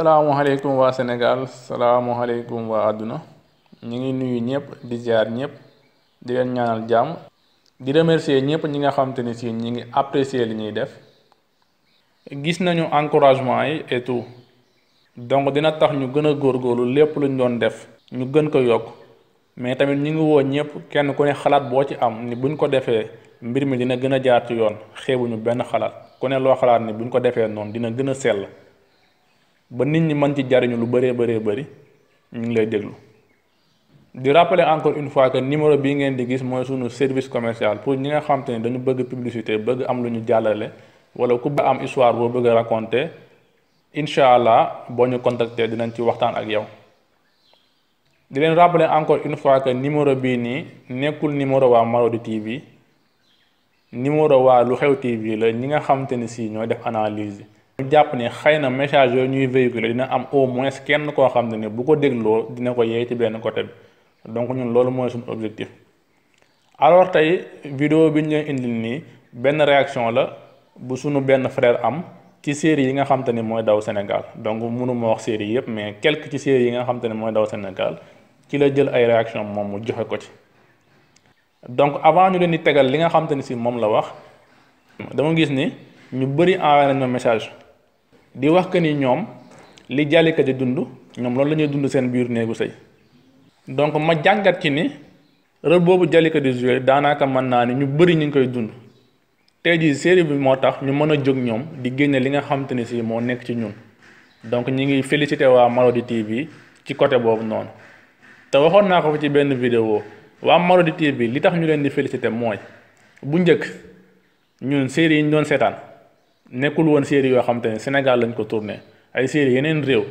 salaamualeykum waa Sénégal salaamualeykum waa àdduna ñu ngi nuyu ñëpp di jaar ñëpp di leen ñaanal jàmm di remercier ñëpp ñi nga xamante ni si ñi ngi apprécier li ñuy def gis nañu encouragement yi et donc dina tax ñu gën a góorgóorlu lépp luñ doon def ñu gën ko yokk mais tamit ñu ngi woo ñëpp kenn ku ne xalaat boo ci am ni buñ ko defee mbir mi dina gën a jaar ci yoon xeebuñu benn xalaat ku ne loo xalaat ni buñ ko defee noonu dina gën a sell ba nit ñi mën ci jariñu lu bëree bëree bëri ñu ngi lay déglu di rappeler encore une fois que numéro bii ngeen di gis mooy sunu service commercial pour ñi nga xam te ne dañu bëgg publicité bëgg am lu ñu jàllale wala ku bëgg am histoire boo bëgg a raconter incha allah boo ñu contacter dinañ ci waxtaan ak yow. di leen rappeler encore une fois que numéro bii nii nekkul numéro waa Marodi TV numéro waa lu xew TV la ñi nga xam te ne si ñooy def analyse. ñu jàpp ne xëy na message yooyu ñuy véhiculer dina am au moins kenn koo xam ne ne bu ko dégloo dina ko yee ci benn côté bi donc ñun loolu mooy suñu objectif alors tey vidéo bi ñu leen indil nii benn réaction la bu suñu benn frère am ci série yi nga xam ne mooy daw Sénégal donc mënuma wax série yëpp mais quelque ci série yi nga xam ne mooy daw Sénégal ci la jël ay réaction moom mu joxe ko ci donc avant ñu leen di tegal li nga xam ne si moom la wax gis ni ñu bëri envoyé nañ ma di wax que ni ñoom li jallikat di dund ñoom loolu la ñuy dund seen biir néegu sëy donc ma jàngat ki ni rôle boobu jàllika di joué daanaka mën naa ni ñu bëri ñu ngi koy dund tey ji série bi moo tax ñu mën a jóg ñoom di génne li nga xam te si moo nekk ci ñun donc ñu ngi félicité waa Marodi TV ci côté boobu noonu te waxoon naa ko ci benn vidéo waa Marodi TV li tax ñu leen di félicité mooy bu njëkk ñun série yi ñu doon seetaan. nekkul woon série yoo xam ne Sénégal lañ ko tourné ay série yeneen réew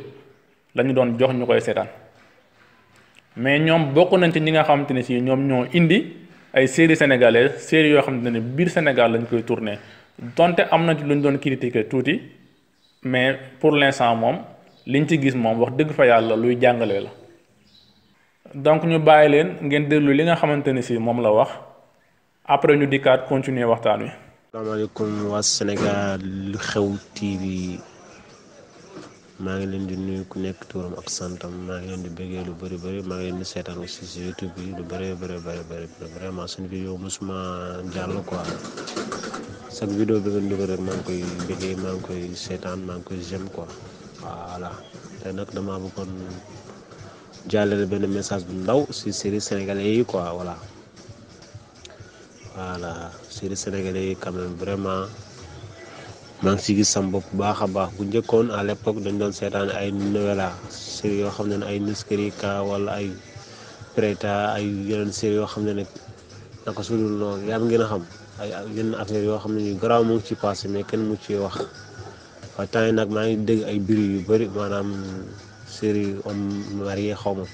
lañu doon jox ñu koy seetaan mais ñoom bokk nañ ci ñi nga xam te ne si ñoom ñoo indi ay série sénégalaise série yoo xam ne biir Sénégal lañ koy tourné donte am na ci luñ doon critiquer tuuti mais pour l'instant moom liñ ci gis moom wax dëgg fa yàlla luy jàngale la donc ñu bàyyi leen ngeen déglu li nga xamante ne si moom la wax après ñu dikkaat continuer waxtaan wi salaamaaleykum waa Sénégal lu xew TV maa ngi leen di nuyu ku nekk turam ak santam maa ngi leen di bëggee lu bëri bëri maa ngi leen di seetaan aussi si YouTube lu bëree bëri bëri bëri vraiment seen vidéo mosuma jàll quoi chaque vidéo bi ngeen dugal rek maa ngi koy bëggee maa ngi koy seetaan maa ngi koy j'aime quoi voilà tey nag damaa bëggoon jàllale benn message bu ndaw si série sénégalais yi quoi voilà. voilà série sénégalais yi quand vraiment maa ngi si gis sam bopp bu baax a baax bu njëkkoon à l'époque dañ doon seetaan ay novela série yoo xam ne ay Nuskrika wala ay Preta ay yeneen série yoo xam ne nag naka su dul noonu yaa ngi gën xam ay yenn affaire yoo xam ne yu garaaw mu ngi ci passé mais kenn mu ci wax waaye temps nag maa ngi dégg ay biri yu bëri maanaam série homme marié xaw ma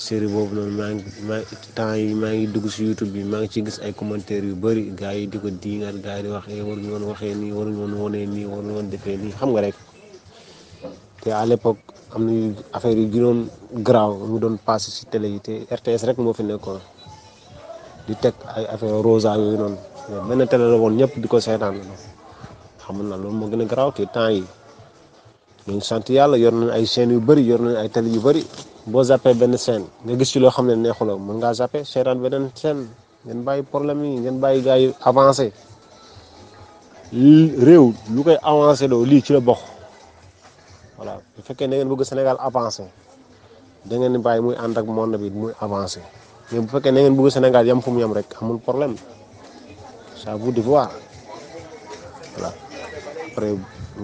série boobu noonu maa ngi maa temps yi maa ngi dugg si YouTube bi maa ngi ci gis ay commentaires yu bëri gars yi di ko diingaat gars yi di wax eh, waruñu woon waxee nii waruñu woon wonee nii waruñu woon defee nii xam nga rek te à l'époque am na affaire yu gënoon garaaw mu doon passé si télé yi te RTS rek moo fi nekkoon di teg ay affaire rosa yooyu noonu benn télé la woon ñëpp di ko seetaan xam na loolu moo gën a garaaw te temps yi ñooñu sant yàlla yor nañ ay chaînes yu bëri yor nañ ay télé yu bëri boo zappee benn scène nga gis ci loo xam ne neexuloo mun nga zappee seetaan beneen scène ngeen bàyyi problème yi ngeen bàyyi gaay yi avancé réew lu koy avancé doo lii ci bok bokk voilà bu fekkee da ngeen bëgg Sénégal avancé da bàyyi muy ànd ak monde bi muy avancé mais bu fekkee da ngeen bëgg Sénégal yam fu mu yam rek amul problème ça vous de voir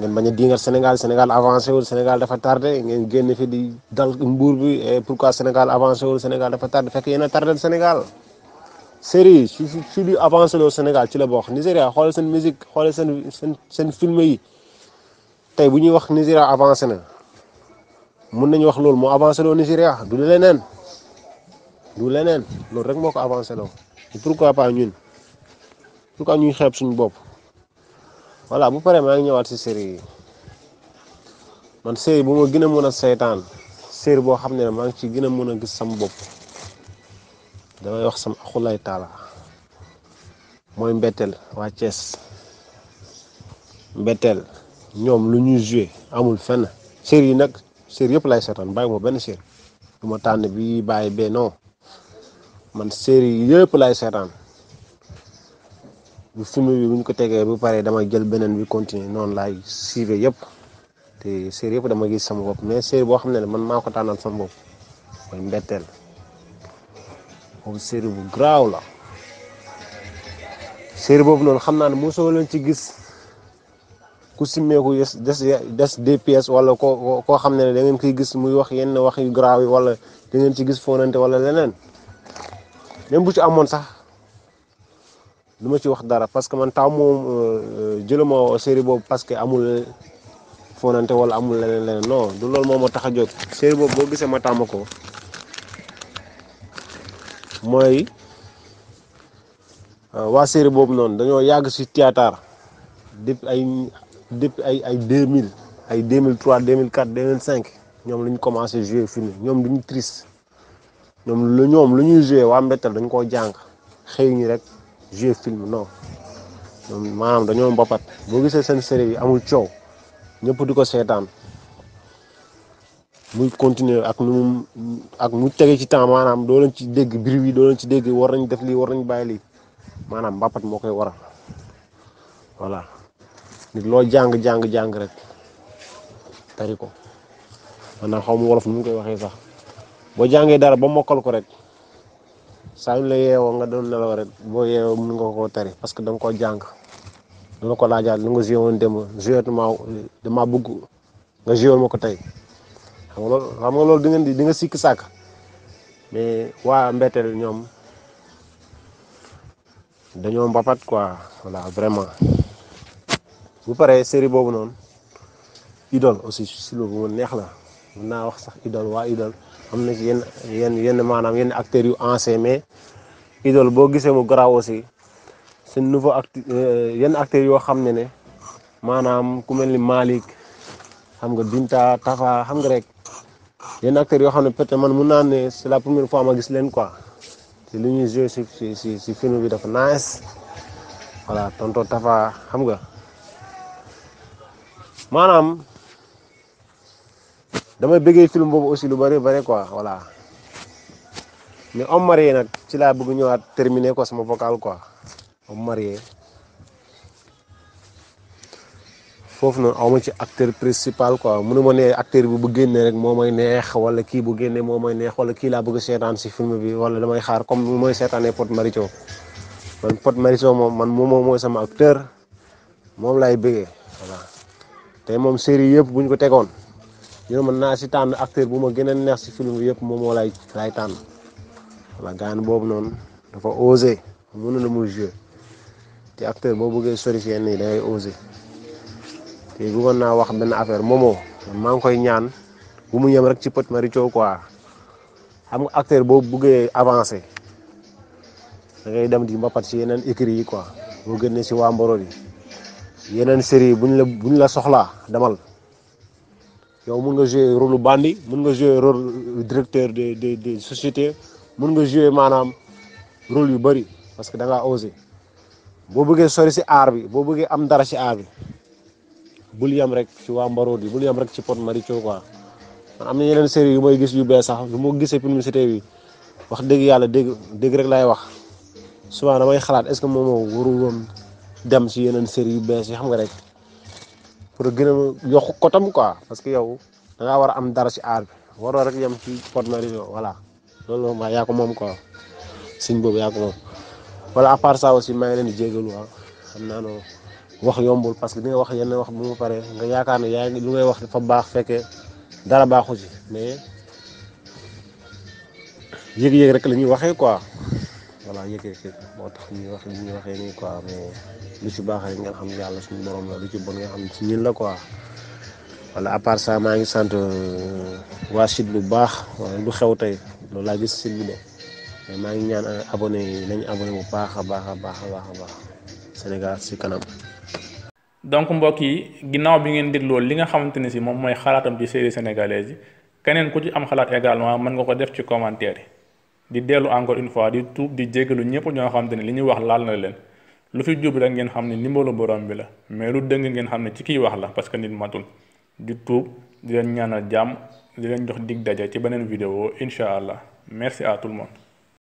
ngeen bañ a diingal Sénégal Sénégal avancé wul Sénégal dafa tardé ngeen génn fi di dal mbuur bi et pourquoi Sénégal avancé wul Sénégal dafa tardé fekk yéen a tardé Sénégal série su su di avancé loo Sénégal ci la bokk Nigéria xoolal seen musique xoolal seen seen seen film yi tey bu ñuy wax Nigéria avancé na mun nañu wax loolu moo avancé loo Nigéria du leneen du leneen loolu rek moo ko avancé loo pourquoi pas ñun pourquoi ñuy xeeb suñu bopp. voilà bu paree maa ngi ñëwaat ci série yi man série bu ma gën a mën a saytaan série boo xam ne maa ngi ci gën a mën a gis sama bopp damay wax sam axulay taala mooy mbeteel waa cees mbeteel ñoom lu ñuy joué amul fenn série yi nag série yëpp lay seetaan bàyyi ma benn série du ma tànn bi bàyyi bee non man série yëpp lay seetaan bu film bi bu ñu ko tegee bu paree dama jël beneen bi continuer noonu laay suivre yëpp te série yëpp dama gis sama bopp mais série boo xam ne ne man maa ko tànnal sama bopp mooy mbetteel boobu bu garaaw la série boobu noonu xam naa ne mosoo leen ci gis ku simmeeku yes des des DPS wala ko koo xam ne da ngeen koy gis muy wax yenn wax yu garaaw yi wala da ngeen ci gis foonante wala leneen même bu ci amoon sax lu ma ci wax dara parce que man taw moom euh, euh, jëluma série boobu parce que amul fonante wala amul leneen leneen non du loolu moo ma tax a jóg série boobu boo gisee ma tàmm ko mooy euh, waa série boobu noonu dañoo yàgg ci théâtre depuis ay depuis ay ay deux mille ay deux mille trois deux mille quatre deux mille cinq ñoom la ñu commencé jouer ñoom du ñu lu ñoom lu ñuy jouer waa Mbettel dañ koo jàng xëy ñi rek. ju jouer film non ñoom maanaam dañoo mbapat boo gisee seen série yi amul coow ñëpp di ko seetaan muy continuer ak nu mu ak mu tege ci temps maanaam doole ci dégg biir wi doo ci dégg war nañ def lii war nañ bàyyi lii maanaam mbàppat moo koy waral voilà loo jàng jàng jàng rek tari ko maanaam xaw ma wolof nu mu koy waxee sax boo jàngee dara ba mokkal ko rek. saa yu la yeewoo nga doon nelaw rek boo yeewoo mun nga koo tari parce que danga koo jàng dama ko laajaat lu nga joué woon démb joué ma dama bëgg nga joué ma ko tey xam nga loolu xam nga loolu di di nga sikki sàkk mais waa Mbetteel ñoom dañoo mbapat quoi voilà vraiment bu paree série boobu noonu idole aussi si lu mu neex la mun naa wax sax idole waa idole am na ci yenn yenn maanaam yenn acteurs yu ancien mais idole boo gisee mu garaaw aussi c'est nouveau act euh, yenn acteurs yoo xam ne ne maanaam ku mel ni Malick xam nga Binta Tafa xam nga rek yenn acteurs yoo xam ne peut-être man mun naa ne c'est la première fois ma gis leen quoi ci li ñuy joué si si si si bi dafa nice voilà tonton Tafa xam nga maanaam. damay bëggee film boobu aussi lu bëri bare quoi voilà mais homme marie nag ci laa bëgg ñëwaat terminer ko sama vocal quoi homme marie foofu noonu awma ci acteur principal quoi mënu ma ne acteur bi bu génnee rek moom may neex wala kii bu génnee moom may neex wala kii laa bëgg seetaan si film bi wala damay xaar comme lu mooy seetaanee Pod Marichou man pot Marichou moom man moom mooy sama acteur moom laay bëggee voilà te moom série yëpp bu ñu ko tegoon. ñu ne man naa si tànn acteur bu ma gën a neex si film yëpp moom moo lay lay tànn wala gaan boobu noonu dafa osé mënu la muy joué te acteur boo buggee sori si yenn yi dangay osé te bëggoon naa wax benn affaire moomoo maa ngi koy ñaan bu mu yem rek ci Pod Marichou quoi xam nga acteur boo bëggee avancé dangay dem di mbapat si yeneen écrits yi quoi boo ne si waa Mboro yi yeneen série buñ la buñ la soxlaa demal. yow mun nga jouer rôle bandi mun nga jouer rôle directeur de de de société mun nga jouer maanaam rôle yu bëri parce que da ngaa boo bëggee sori si aar bi boo bëggee am dara si aar bi bul yem rek ci waa mbarood yi bul yem rek ci Pod Marichou quoi am na yeneen série yu may gis yu bees sax lu ma gisee publicité bi wax dëgg yàlla dégg dégg rek lay wax souvent damay xalaat est-ce que moom moo warul woon dem si yeneen série yu bees yi xam nga rek. pour gën a yokk kotam quoi parce que yow da war a am dara ci aar bi waroo rek yem ci Pod Marichou voilà loolu moom yaa ko moom quoi suñ boobu yaa ko moom. wala à part ça aussi maa ngi leen di jégalu ah xam naa ne wax yombul parce que di nga wax yenn wax bu mu paree nga yaakaar ne yaa ngi lu ngay wax dafa baax fekkee dara baaxu si mais yëg-yëg rek la ñuy waxee quoi. voilà yëkkati ko moo tax ñuy wax li ñuy waxee nii quoi mais lu ci baax rek nga xam yàlla suñu borom la lu ci bon nga xam si ñun la quoi wala à part maa ngi sant euh, waa site bu baax wala lu xew tey loolu laa gis site bi de maa ngi ñaan euh, abonné yi nañu abonné bu baax a baax a baax a baax a baax Sénégal ci kanam. donc mbokk yi ginnaaw bi ngeen dégloo li nga xamante ne si moom mooy xalaatam ci série sénégalaise yi keneen ku ci am xalaat également mën nga ko def ci commentaire yi. di dellu encore une fois di tuub di jéggalu ñëpp ñoo xam te li ñuy wax laal na leen lu fi jub rek ngeen xam ne ndimbalu borom bi la mais lu dëng ngeen xam ne ci kiy wax la parce que nit matul di tuub di leen ñaanal jàmm di leen jox dig daje ci beneen vidéo incha allah merci à tout